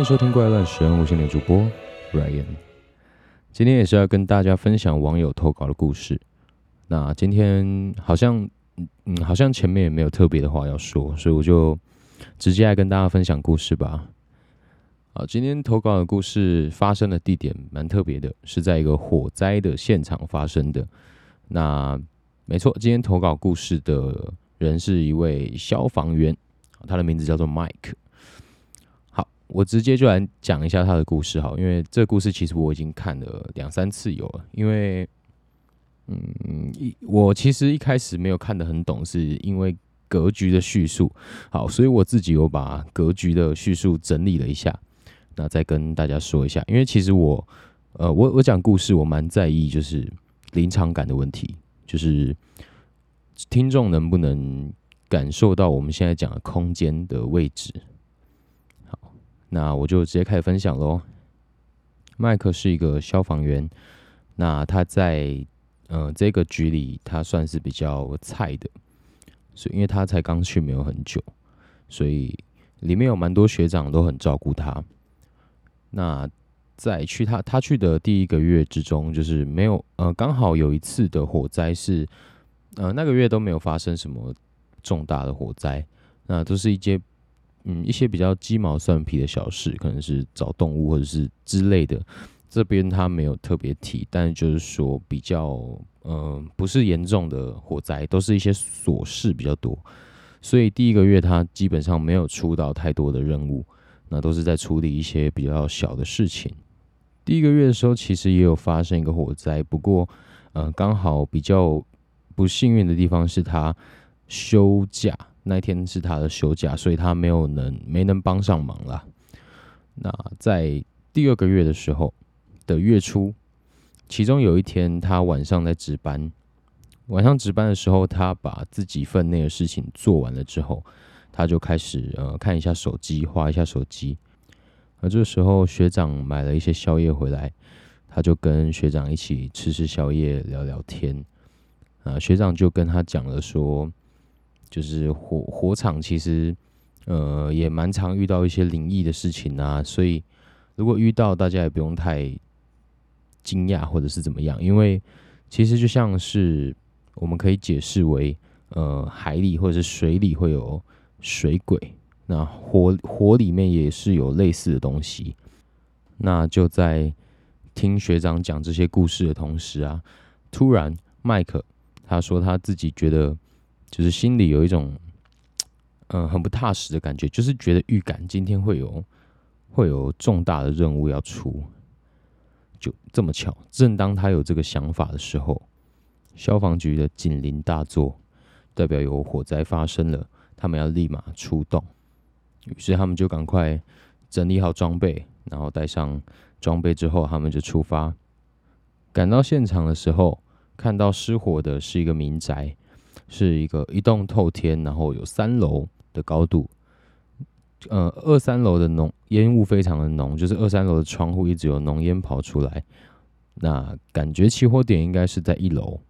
歡迎收聽《怪誕神》，我是你的主播 Ryan，今天也是要跟大家分享網友投稿的故事。那今天好像，嗯，好像前面也沒有特別的話要說，所以我就直接來跟大家分享故事吧。啊，今天投稿的故事發生的地點蠻特別的，是在一個火災的現場發生的。那沒錯，今天投稿故事的人是一位消防員，他的名字叫做 Mike。我直接就來講一下他的故事好，因為這個故事其實我已經看了兩三次有了，因為，嗯，一我其實一開始沒有看得很懂，是因為格局的敘述。好，所以我自己有把格局的敘述整理了一下，那再跟大家說一下，因為其實我，呃，我我講故事我蠻在意就是臨場感的問題，就是聽眾能不能感受到我們現在講的空間的位置。那我就直接開始分享嘍。麥克是一個消防員，那他在呃這個局裡，他算是比較菜的，所以因為他才剛去沒有很久，所以裡面有蠻多學長都很照顧他。那在去他他去的第一個月之中，就是沒有呃剛好有一次的火災是呃那個月都沒有發生什麼重大的火災，那都是一些。嗯，一些比較雞毛蒜皮的小事，可能是找動物或者是之類的，這邊他沒有特別提，但就是說比較嗯、呃，不是嚴重的火災，都是一些瑣事比較多，所以第一個月他基本上沒有出到太多的任務，那都是在處理一些比較小的事情。第一個月的時候，其實也有發生一個火災，不過嗯、呃，剛好比較不幸運的地方是他休假。那一天是他的休假，所以他沒有能沒能幫上忙啦。那在第二個月的時候的月初，其中有一天他晚上在值班，晚上值班的時候，他把自己份內的事情做完了之後，他就開始呃看一下手機，划一下手機。而這時候學長買了一些宵夜回來，他就跟學長一起吃吃宵夜，聊聊天。啊，學長就跟他講了說。就是火火場其實，呃，也蠻常遇到一些靈異的事情啊，所以如果遇到，大家也不用太驚訝或者是怎麼樣，因為其實就像是我們可以解釋為，呃，海裡或者是水裡會有水鬼，那火火裡面也是有類似的東西。那就在聽學長講這些故事的同時啊，突然麥克他說他自己覺得。就是心裡有一種，嗯，很不踏實的感覺，就是覺得預感今天會有會有重大的任務要出，就這麼巧，正當他有這個想法的時候，消防局的警鈴大作，代表有火災發生了，他們要立馬出動。於是他們就趕快整理好裝備，然後帶上裝備之後，他們就出發。趕到現場的時候，看到失火的是一個民宅。是一個一棟透天，然後有三樓的高度，呃，二三樓的濃煙霧非常的濃，就是二三樓的窗戶一直有濃煙跑出來，那感覺起火點應該是在一樓，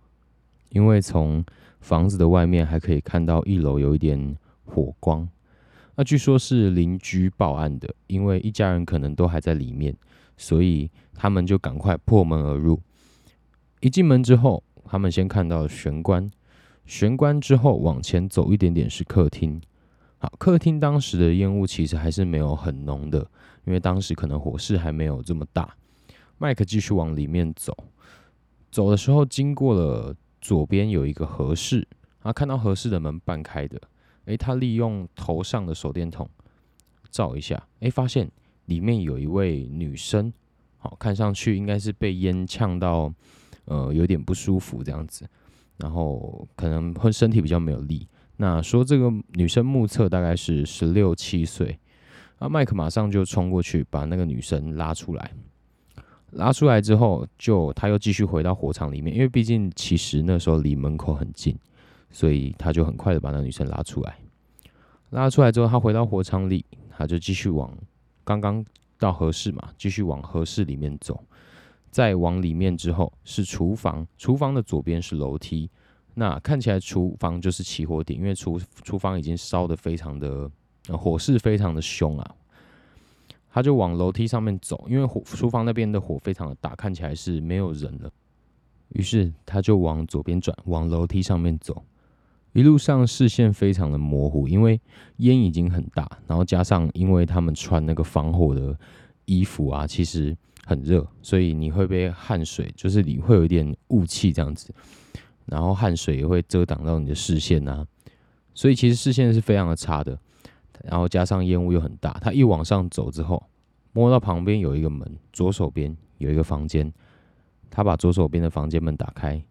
因為從房子的外面還可以看到一樓有一點火光，那據說是鄰居報案的，因為一家人可能都還在裡面，所以他們就趕快破門而入，一進門之後，他們先看到玄關。玄關之後往前走一點點是客廳，好，客廳當時的煙霧其實還是沒有很濃的，因為當時可能火勢還沒有這麼大。麥克繼續往裡面走，走的時候經過了左邊有一個和室，啊，看到和室的門半開的，誒、欸，他利用頭上的手電筒照一下，誒、欸，發現裡面有一位女生，好，看上去應該是被煙嗆到，呃，有點不舒服這樣子。然後可能會身體比較沒有力。那說這個女生目測大概是十六七歲，那麥克馬上就衝過去把那個女生拉出來。拉出來之後，就他又繼續回到火場裡面，因為畢竟其實那時候離門口很近，所以他就很快的把那個女生拉出來。拉出來之後，他回到火場裡，他就繼續往剛剛到和室嘛，繼續往和室裡面走。再往裡面之後是廚房，廚房的左邊是樓梯。那看起來廚房就是起火點，因為廚廚房已經燒得非常的，火勢非常的凶啊。他就往樓梯上面走，因為火，廚房那邊的火非常的大，看起來是沒有人了。於是他就往左邊轉，往樓梯上面走。一路上視線非常的模糊，因為煙已經很大，然後加上因為他們穿那個防火的衣服啊，其實。很熱，所以你會被汗水，就是你會有一點霧氣這樣子，然後汗水也會遮擋到你的視線啊，所以其實視線是非常的差的。然後加上煙霧又很大，他一往上走之後，摸到旁邊有一個門，左手邊有一個房間，他把左手邊的房間門打開，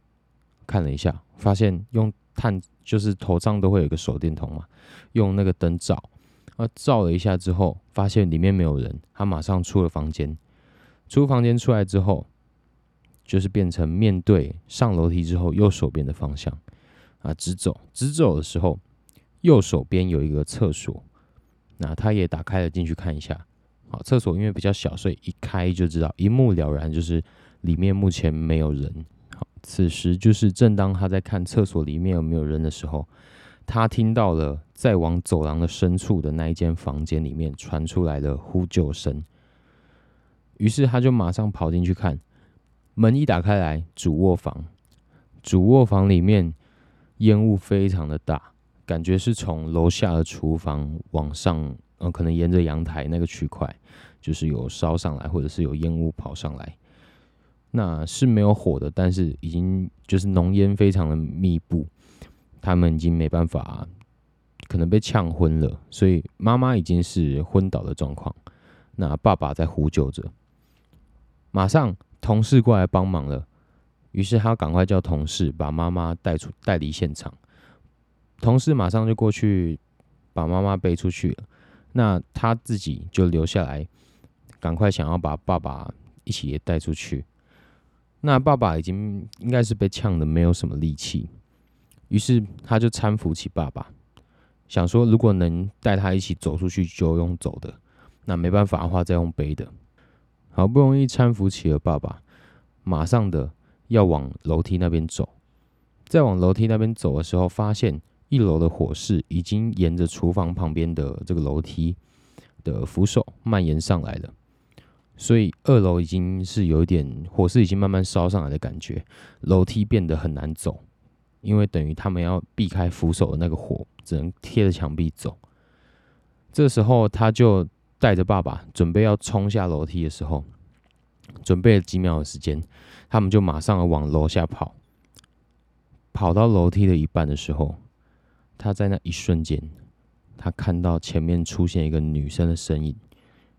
看了一下，發現用探，就是頭上都會有一個手電筒嘛，用那個燈照，啊，照了一下之後，發現裡面沒有人，他馬上出了房間。出房間出來之後，就是變成面對上樓梯之後右手邊的方向，啊，直走，直走的時候，右手邊有一個廁所，那他也打開了進去看一下，好，廁所因為比較小，所以一開就知道一目了然，就是裡面目前沒有人。好，此時就是正當他在看廁所裡面有沒有人的時候，他聽到了在往走廊的深處的那一間房間裡面傳出來的呼救聲。於是他就馬上跑進去看，門一打開來，主臥房，主臥房裡面煙霧非常的大，感覺是從樓下的廚房往上，呃，可能沿着陽台那個區塊，就是有燒上來，或者是有煙霧跑上來。那是沒有火的，但是已經就是濃煙非常的密布，他們已經沒辦法，可能被嗆昏了，所以媽媽已經是昏倒的狀況，那爸爸在呼救着。馬上，同事過來幫忙了。於是他趕快叫同事把媽媽帶出、帶離現場。同事馬上就過去把媽媽背出去了。那他自己就留下來，趕快想要把爸爸一起也帶出去。那爸爸已經應該是被嗆的，沒有什麼力氣。於是他就攙扶起爸爸，想說如果能帶他一起走出去就用走的，那沒辦法的話再用背的。好不容易攙扶起了爸爸，馬上的要往樓梯那邊走，在往樓梯那邊走的時候，發現一樓的火勢已經沿着廚房旁邊的這個樓梯的扶手蔓延上來了，所以二樓已經是有一點火勢已經慢慢燒上來的感覺，樓梯變得很難走，因為等於他們要避開扶手的那個火，只能貼着牆壁走。這時候他就。帶着爸爸準備要衝下樓梯的時候，準備了幾秒的時間，他們就馬上往樓下跑。跑到樓梯的一半的時候，他在那一瞬間，他看到前面出現一個女生的身影，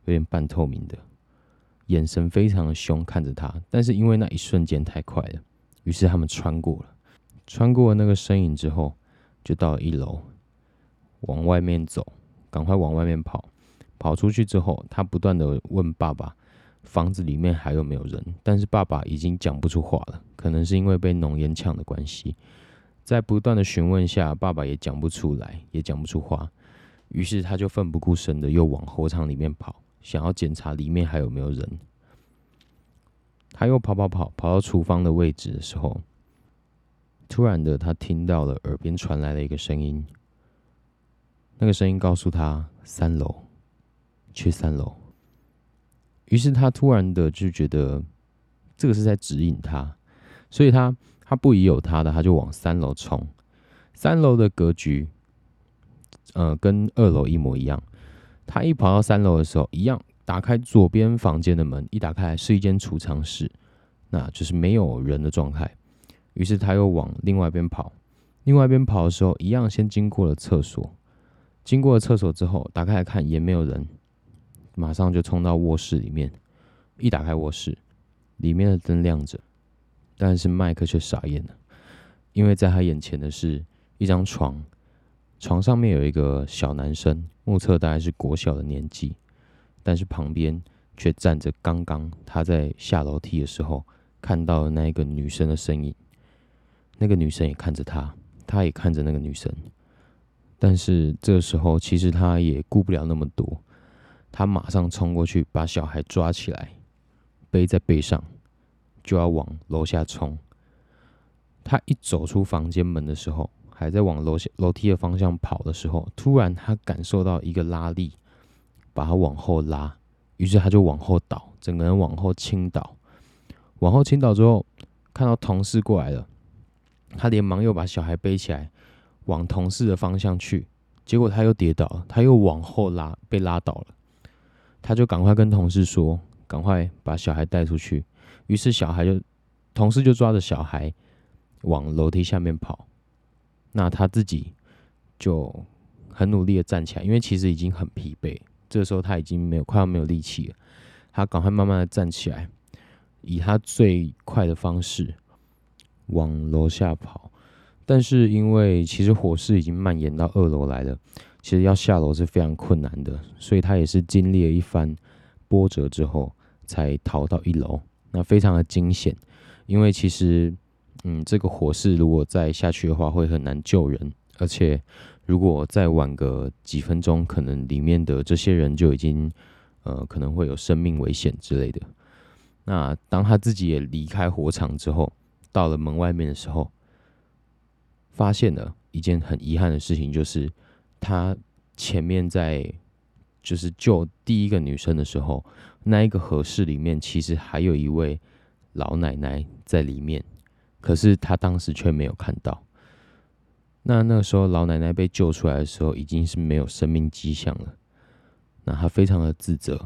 有點半透明的，眼神非常的兇，看着他。但是因為那一瞬間太快了，於是他們穿過了，穿過了那個身影之後，就到了一樓，往外面走，趕快往外面跑。跑出去之後，他不斷的問爸爸：“房子裡面還有沒有人？”但是爸爸已經講不出話了，可能是因為被濃煙嗆的關係。在不斷的詢問下，爸爸也講不出來，也講不出話。於是他就奮不顧身的又往火場裡面跑，想要檢查裡面還有沒有人。他又跑跑跑，跑到廚房的位置的時候，突然的他聽到了耳邊傳來了一個聲音。那個聲音告訴他：“三樓。”去三樓，於是他突然的就覺得這個是在指引他，所以他他不疑有他的，他就往三樓衝。三樓的格局，呃，跟二樓一模一樣。他一跑到三樓的時候，一樣打開左邊房間的門，一打開來是一間儲藏室，那就是沒有人的狀態。於是他又往另外一邊跑，另外一邊跑的時候，一樣先經過了廁所，經過了廁所之後，打開來看也沒有人。馬上就衝到臥室裡面，一打開臥室，裡面的燈亮着，但是麥克卻傻眼了，因為在他眼前的是一張床，床上面有一個小男生，目測大概是國小的年紀，但是旁邊卻站着剛剛他在下樓梯的時候看到的那一個女生的身影，那個女生也看着他，他也看着那個女生，但是這時候其實他也顧不了那麼多。他馬上衝過去，把小孩抓起來，背在背上，就要往樓下衝。他一走出房間門的時候，還在往樓下樓梯的方向跑的時候，突然他感受到一個拉力，把他往後拉，於是他就往後倒，整個人往後傾倒。往後傾倒之後，看到同事過來了，他連忙又把小孩背起來，往同事的方向去，結果他又跌倒了，他又往後拉，被拉倒了。他就趕快跟同事說：“趕快把小孩帶出去。”於是小孩就，同事就抓着小孩往樓梯下面跑。那他自己就很努力的站起來，因為其實已經很疲憊。這個時候他已經沒有快要沒有力氣了。他趕快慢慢的站起來，以他最快的方式往樓下跑。但是因為其實火勢已經蔓延到二樓來了。其實要下樓是非常困難的，所以他也是經歷了一番波折之後才逃到一樓，那非常的驚險。因為其實，嗯，這個火勢如果再下去的話，會很難救人。而且如果再晚個幾分鐘，可能裡面的這些人就已經，呃，可能會有生命危險之類的。那當他自己也離開火場之後，到了門外面的時候，發現了一件很遺憾的事情，就是。他前面在就是救第一個女生的時候，那一個和室裡面其實還有一位老奶奶在裡面，可是他當時卻沒有看到。那那時候老奶奶被救出來的時候，已經是沒有生命跡象了。那他非常的自責，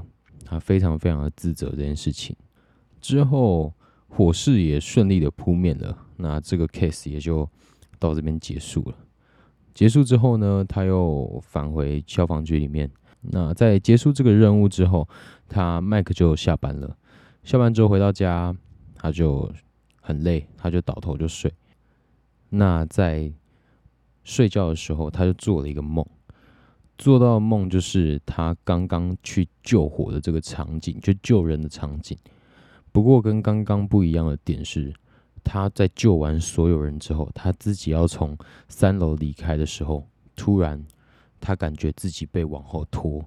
他非常非常的自責這件事情。之後火勢也順利的撲滅了，那這個 case 也就到這邊結束了。結束之後呢，他又返回消防局裡面。那在結束這個任務之後，他麥克就下班了。下班之後回到家，他就很累，他就倒頭就睡。那在睡覺的時候，他就做了一個夢，做到夢就是他剛剛去救火的這個場景，去救人的場景。不過跟剛剛不一樣的點是。他在救完所有人之後，他自己要從三樓離開的時候，突然他感覺自己被往後拖，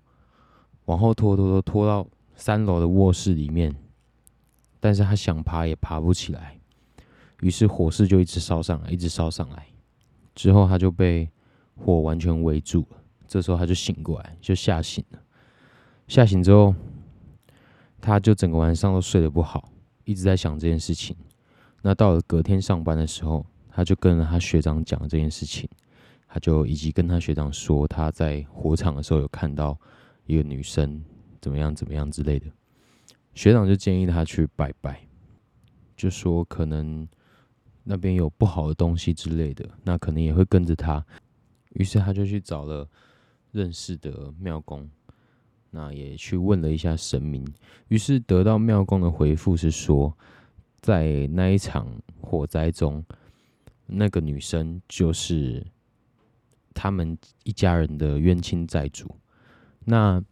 往後拖，拖拖拖拖到三樓的臥室裡面，但是他想爬也爬不起來，於是火勢就一直燒上來，一直燒上來，之後他就被火完全圍住了。這時候他就醒過來，就嚇醒了，嚇醒之後，他就整個晚上都睡得不好，一直在想這件事情。那到了隔天上班的時候，他就跟了他學長講這件事情，他就以及跟他學長說他在火場的時候有看到一個女生怎麼樣怎麼樣之類的，學長就建議他去拜拜，就說可能那邊有不好的東西之類的，那可能也會跟着他，於是他就去找了認識的廟公，那也去問了一下神明，於是得到廟公的回復是說。在那一場火災中，那個女生就是他們一家人的冤親債主。那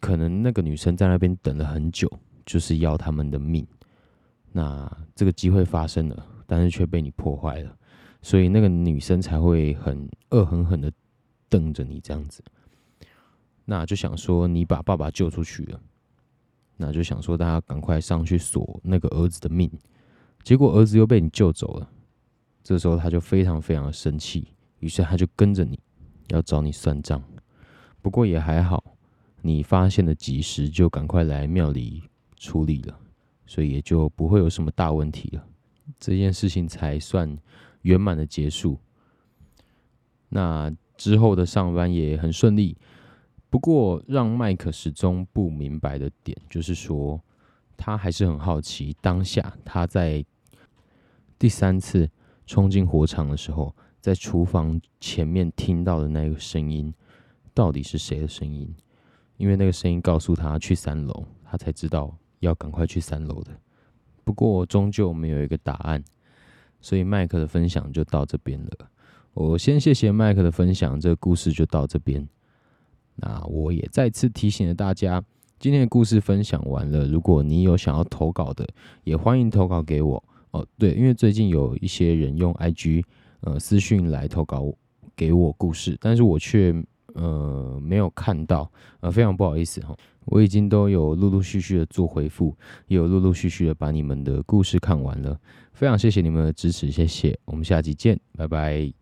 可能那個女生在那邊等了很久，就是要他們的命。那這個機會發生了，但是卻被你破壞了，所以那個女生才會很惡狠狠的瞪着你這樣子。那就想說，你把爸爸救出去了。那就想說，大家趕快上去索那個兒子的命，結果兒子又被你救走了。這時候他就非常非常的生氣，於是他就跟着你要找你算賬。不過也還好，你發現的及時，就趕快來廟裡處理了，所以也就不會有什麼大問題了。這件事情才算圓滿的結束。那之後的上班也很順利。不過，讓麥克始終不明白的點，就是說，他還是很好奇，當下他在第三次衝進火場的時候，在廚房前面聽到的那個聲音，到底是誰的聲音？因為那個聲音告訴他去三樓，他才知道要趕快去三樓的。不過，終究沒有一個答案，所以麥克的分享就到這邊了。我先謝謝麥克的分享，這個故事就到這邊。啊！我也再次提醒了大家，今天的故事分享完了。如果你有想要投稿的，也歡迎投稿給我哦。對，因為最近有一些人用 IG 呃私訊來投稿我給我故事，但是我卻呃沒有看到，呃，非常不好意思哈。我已經都有陸陸續續的做回復，也有陸陸續續的把你們的故事看完了，非常謝謝你們的支持，謝謝。我們下期見，拜拜。